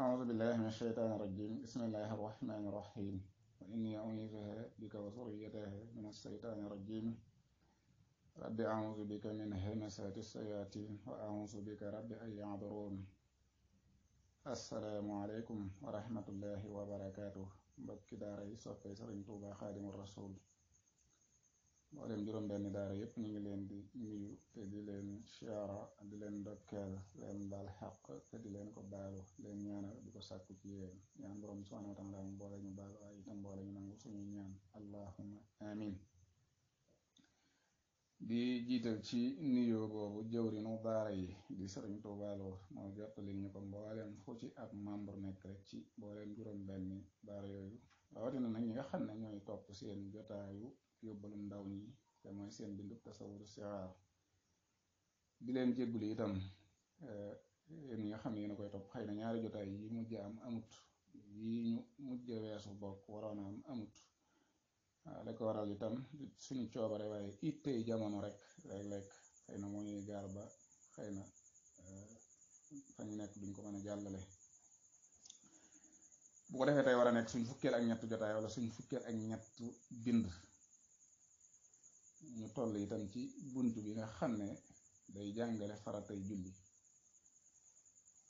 أعوذ بالله من الشيطان الرجيم بسم الله الرحمن الرحيم وإني أعوذ بك وذريتها من الشيطان الرجيم رب أعوذ بك من همسات الشياطين وأعوذ بك رب أن يعذرون السلام عليكم ورحمة الله وبركاته mbokki daara yi soppee خادم الرسول moɗen mbiro mbenidaare yépp ñu ngi leen di nuyu te di leen chiara di leen dokkeel leen dal xeq te di leen ko baalu leen ñaanal di ko sàkku ci yéen ñaan borom subhanaa wataala mu boole ñu baalu waaye itam boole ñu nangu suñuy ñaan allahuma amin di jiital ci nuyo boobu jëwri nu baara yi di sëriñ tubaalo moo jottali ñu ko mbooleem fu ci ak membre nekk rek ci booleen juróom benn baara yooyu rawati na nag ñi nga xam ne ñooy topp seen jotaayu yóbbalu ndaw ñi te mooy seen bindub tasawuru siraar di leen jéggule itam eh, yéen nga xam ne yéen a koy topp xëy na ñaari jotaay yi mujj am amut yi ñu mujj a weesu bokk waroon am amut ah, la ko waral itam suñu coobare waaye ittey jamono rek léeg lekk xëy na moo ñuy gaar ba xëy na eh, fa ñu nekk duñ ko mën a jàllale bu ko defee tey war a nekk suñ fukkeel ak ñett jotaay wala suñ ak ñett bind ñu toll itam ci bunt bi nga xam ne day jàngale faratay julli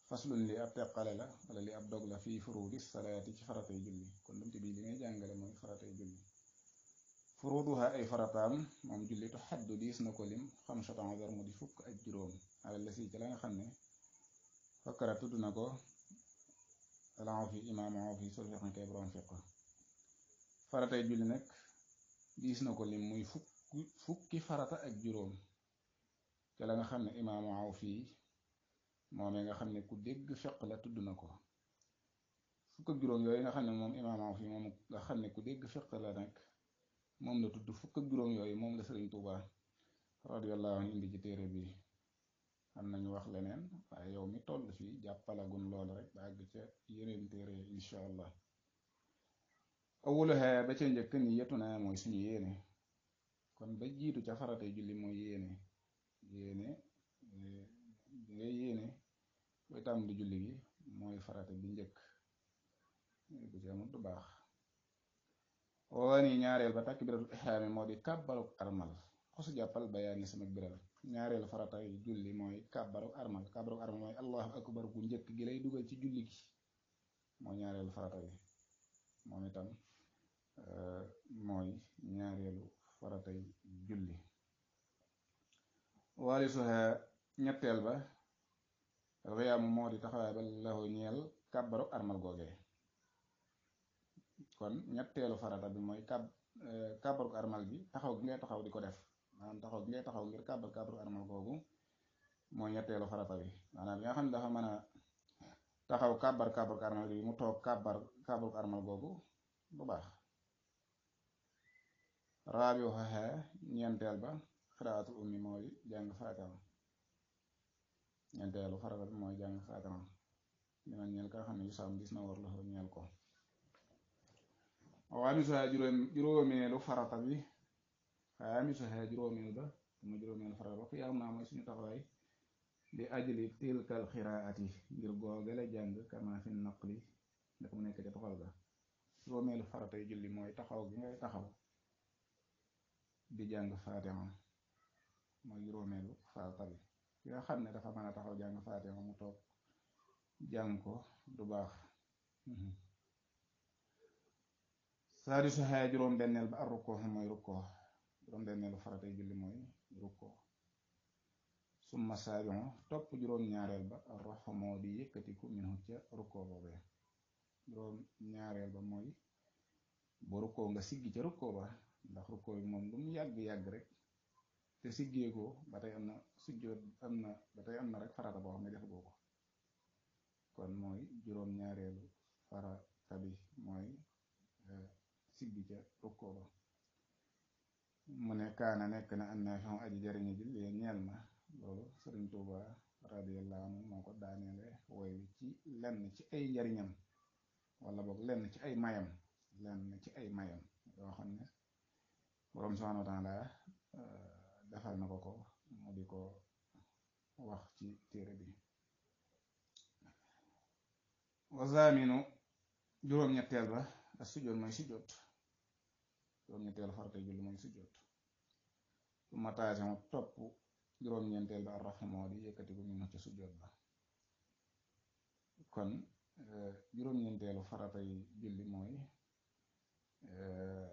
faslun li ab teqale la wala li ab dog la fii furuudi salaati ci faratay julli kon lu mu bii li ngay jàngale mooy faratay julli furuuduha ay farataam moom julli xaddu diis na ko lim xam satan ver mu di fukk ak juróom alal la si ci la nga xam ne fakkara tudd na ko talaaw fi imaamoo fi sul fiqan kay borom fiqa faratay julli nag diis na ko lim muy fukki fukki farata ak juróom te la nga xam ne imaamoo fii moomee nga xam ne ku dégg fiq la tudd na ko fukk ak juróom yooyu nga xam ne moom imaamoo fii moom nga xam ne ku dégg fiq la nag moom la tudd fukk ak juróom yooyu moom la sëriñ Tuuba radiyallahu anhu indi ci téere bi am nañu wax leneen waaye yow mi toll fii jàppalagun lool rek ba àgg ca yeneen téere incha allah awuluha ba ca njëkk ni yetu naa si suñu yéene kon ba jiitu ca farate julli mooy yéene yéene bi eh, ngay yéene booy tàmm di julli gi mooy farate bi njëkk eh, bu ci amul du baax woon yi ñaareel ba takk biratul ixraami moo di kàbbaluk armal xusu jàppal bayaan li sama biral farata yi julli mooy kàbbaru armal kàbbaru armal mooy allah akbar gu njëkk gi lay dugal ci julli gi mooy ñaareelu farata yi moom itam eh, mooy ñaareelu yi julli waalisuha ñetteel ba riyaamu moo di taxawaay ba lahu ñeel kàbbaru armal googee kon ñetteelu farata bi mooy kàb eh, kàbbaru armal bi taxaw gi ngay taxaw di ko def manam taxaw bi ngay taxaw ngir kàbbar kàbbaru armal googu mooy ñetteelu farata bi maanaam bi nga xam dafa mën a taxaw kàbbar kàbbaru armal bi mu toog kàbbar kàbbaru armal googu bu baax raabi waxe ñeenteel ba xiraatul ummi mooy jàng faatam ñeenteelu farata bi mooy jàng faatam dina ñeel ka xam ne yu saam gis na war la ñeel ko waaye misaa juróom juróomeelu farata bi hay juróomeel ba sama juróomeel xaraa ba xiyaam naa mooy suñu taxaway li ajli al khiraati ngir gogale jang kama fi naqli ndax mu nekk ca toxal ga juróomeelu faratay julli moy taxaw gi ngay taxaw di jàng faatiha mooy juróomeelu farata bi ki nga xam dafa mën taxaw jang fatima mu tok jang ko du baax saadi su xayaa bennel ba ar moy mooy juróom-benneelu faratay julli mooy rukkoo summa saabion topp juróom-ñaareel ba roxo moo di yëkkatiku minhu ca rukkoo boobee juróom-ñaareel ba mooy bu rukkoo nga siggi ca rukkoo ba ndax rukkoo bi moom lu mu yàgg-yàgg rek te siggeekoo ba tey am na sujjoot am na ba tey am na rek farata boo xam ne def goo ko kon mooy juróom-ñaareelu farata bi mooy eh, siggi ca rukkoo ba mu ne kaana nekk na an naafiu aji jëriñu ji lee ñeel ma loolu sëriñ Tuuba radiyallahu anhu moo ko daaneele woy wi ci lenn ci ay njariñam wala boog lenn ci ay mayam lenn ci ay mayam yoo xam ne borom subhaanahu wa taala euh, defal na ko ko mu di ko wax ci téere bi wazaaminu juróom-ñetteel ba ak sujjoot mooy sujjoot juróom-ñetteel farate mooy sujjoot bu ma taase ma topp juróom-ñeenteel ba rafa moo di yëkkati bu ñu ma ca sujjoot ba eh, mooy eh,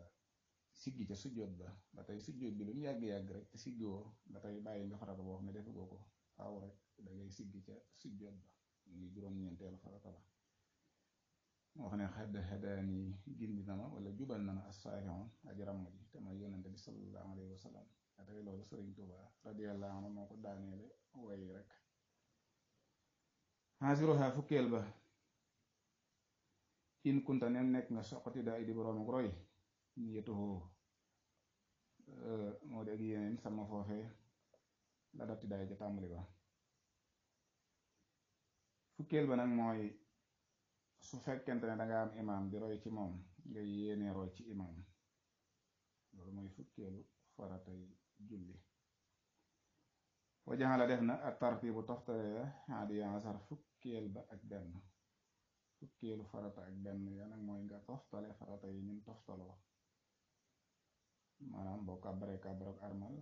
siggi ca sujjoot ba ba tey sujjoot bi lu mu yàgg-yàgg rek te siggiwoo ba tey bàyyi nga farata boo xam ne defagoo ko faaw rek da sujjoot ba muy juróom-ñeenteelu farata la moo xam ne xadd xadaani gin na ma wala jubal na ma as-saari'u aji ràmm ji te mooy yonante bi sallallahu alayhi wa tey loolu sëriñ Tuuba radiyallahu anhu moo ko daaneele wayi rek xaasiruha fukkeel ba in kunta nem nekk nga soqati daa idi boroom ak roy niyatuhu eh, moo di ak yeneen sama foofe la datti ca tàmbali ba fukkeel ba nag mooy su fekkente ne danga am imaam di roy ci moom nga yéene roy ci imaam loolu mooy fukkeelu faratay julli wajaxala def na ak tartibu toftale adiya sar fukkeel ba ak benn fukkeelu farata ak benn ya nag mooy nga toftale farata yi ñun toftaloo maanaam boo kàbbare kàbbarok armal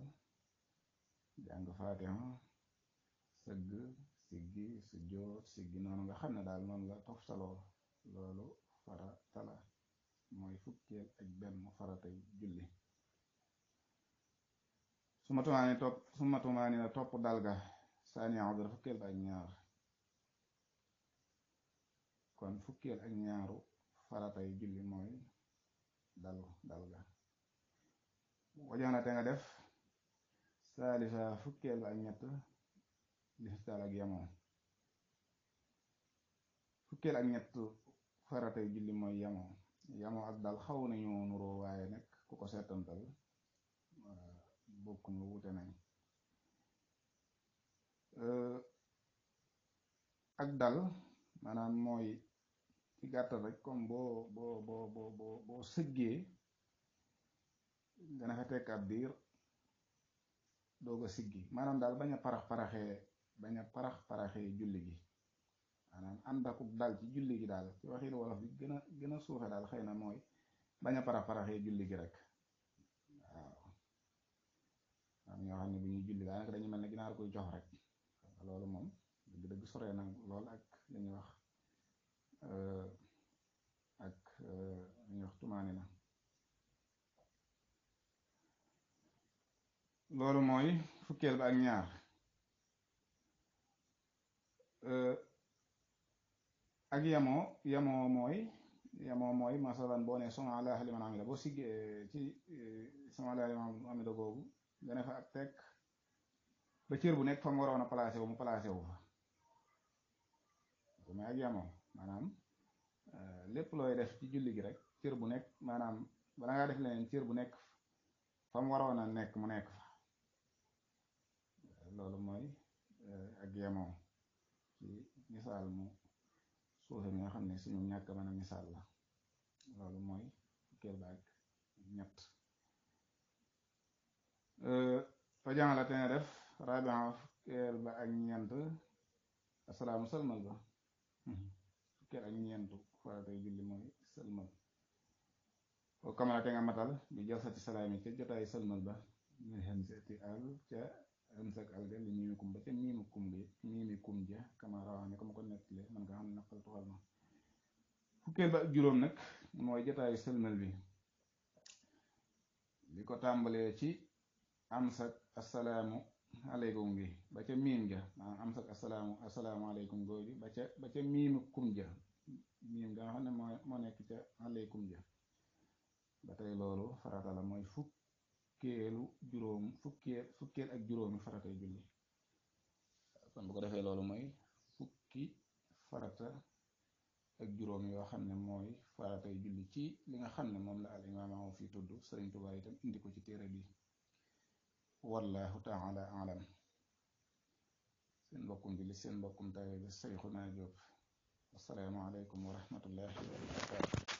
jàng fatiha sëgg siggi si siggi noonu nga xam ne daal noonu la toftaloo loolu farata la mooy fukkeel ak benn farata yi julli suma tumaani top suma tumaani na top dalga sani udra fukel ba ñaar kon fukkeel ak ñaaru faratay julli moy dal dalga wajana te nga def salisa fukel ba ñett lihtal ak yamo fukkeel ak ñett faratay julli moy yamo yamo ak dal xaw nañu nuro waye nak ku ko setantal bokkuñu wute nañ euh, ak dal maanaam mooy ci gàttal rek comme boo boo boo boo boo sëggee dana fa tekk ab diir doog a siggi maanaam daal bañ a parax paraxee bañ parax paraxee julli gi maanaam ànd akub ci julli gi daal ci waxin wolof bi gën a gën daal xëy na mooy bañ parax paraxee julli gi rek am ñoo xam ne bu ñuy julli daanaka dañu mel ne ginaar koy jox rek loolu moom dëgg soree na lool ak li wax euh, ak euh, li wax tumaani na loolu mooy fukkeel ba ak ñaar euh, ak yamoo yamoo mooy yamoo mooy masalan boo ne sama ala liman amida boo siggee ci sama ala liman amida googu nga fa ak tek ba cër bu nekk fa mu waroon a wu mu placé wu fa bu may ak yamoo maanaam euh, lépp looy def ci julli gi rek cër bu nekk maanaam bala ngaa def leneen cër bu nekk fa mu waroon nekk mu nekk fa loolu mooy euh, ak yamoo ci misaal mu suufe mi nga xam ne suñu ñàkk mën a misaal la loolu mooy fukkeel ba ak ñett jaxala te nga def rabia fukkeel ba ak ñeent asalaamu salmal ba hmm. fukkeel ak ñeentu faratay julli mooy salmal o kamala te nga matal bi jalsati salam ca jotaay salmal ba min hamsati al ca hamsak al ga li miimi kum ba ca miimi kum gi miimi kum ja kama rawaane comme ko nettile man nga xam naqal tuxal ma ba ak juróom nag mooy salmal bi li assalamu aleykum ge ɓacca min ga amsak assalamu assalamu aleykum gooɗi ɓacca ɓacca mimi kum ja min ga hane mo nekk ca aleykum ja ba tey loolu farata la mooy fukkeelu juróom fukkeel fukkeel ak juróomi faratay julli kon bu ko defee loolu mooy fukki farata ak juróom yoo xam ne mooy faratay julli ci li nga xam ne moom la al imaamaawo fii tudd sëriñ tubaar itam indi ko ci téere bi والله تعالى أعلم سين بكم بلي سين بكم تايب السيخنا عليكم ورحمة الله وبركاته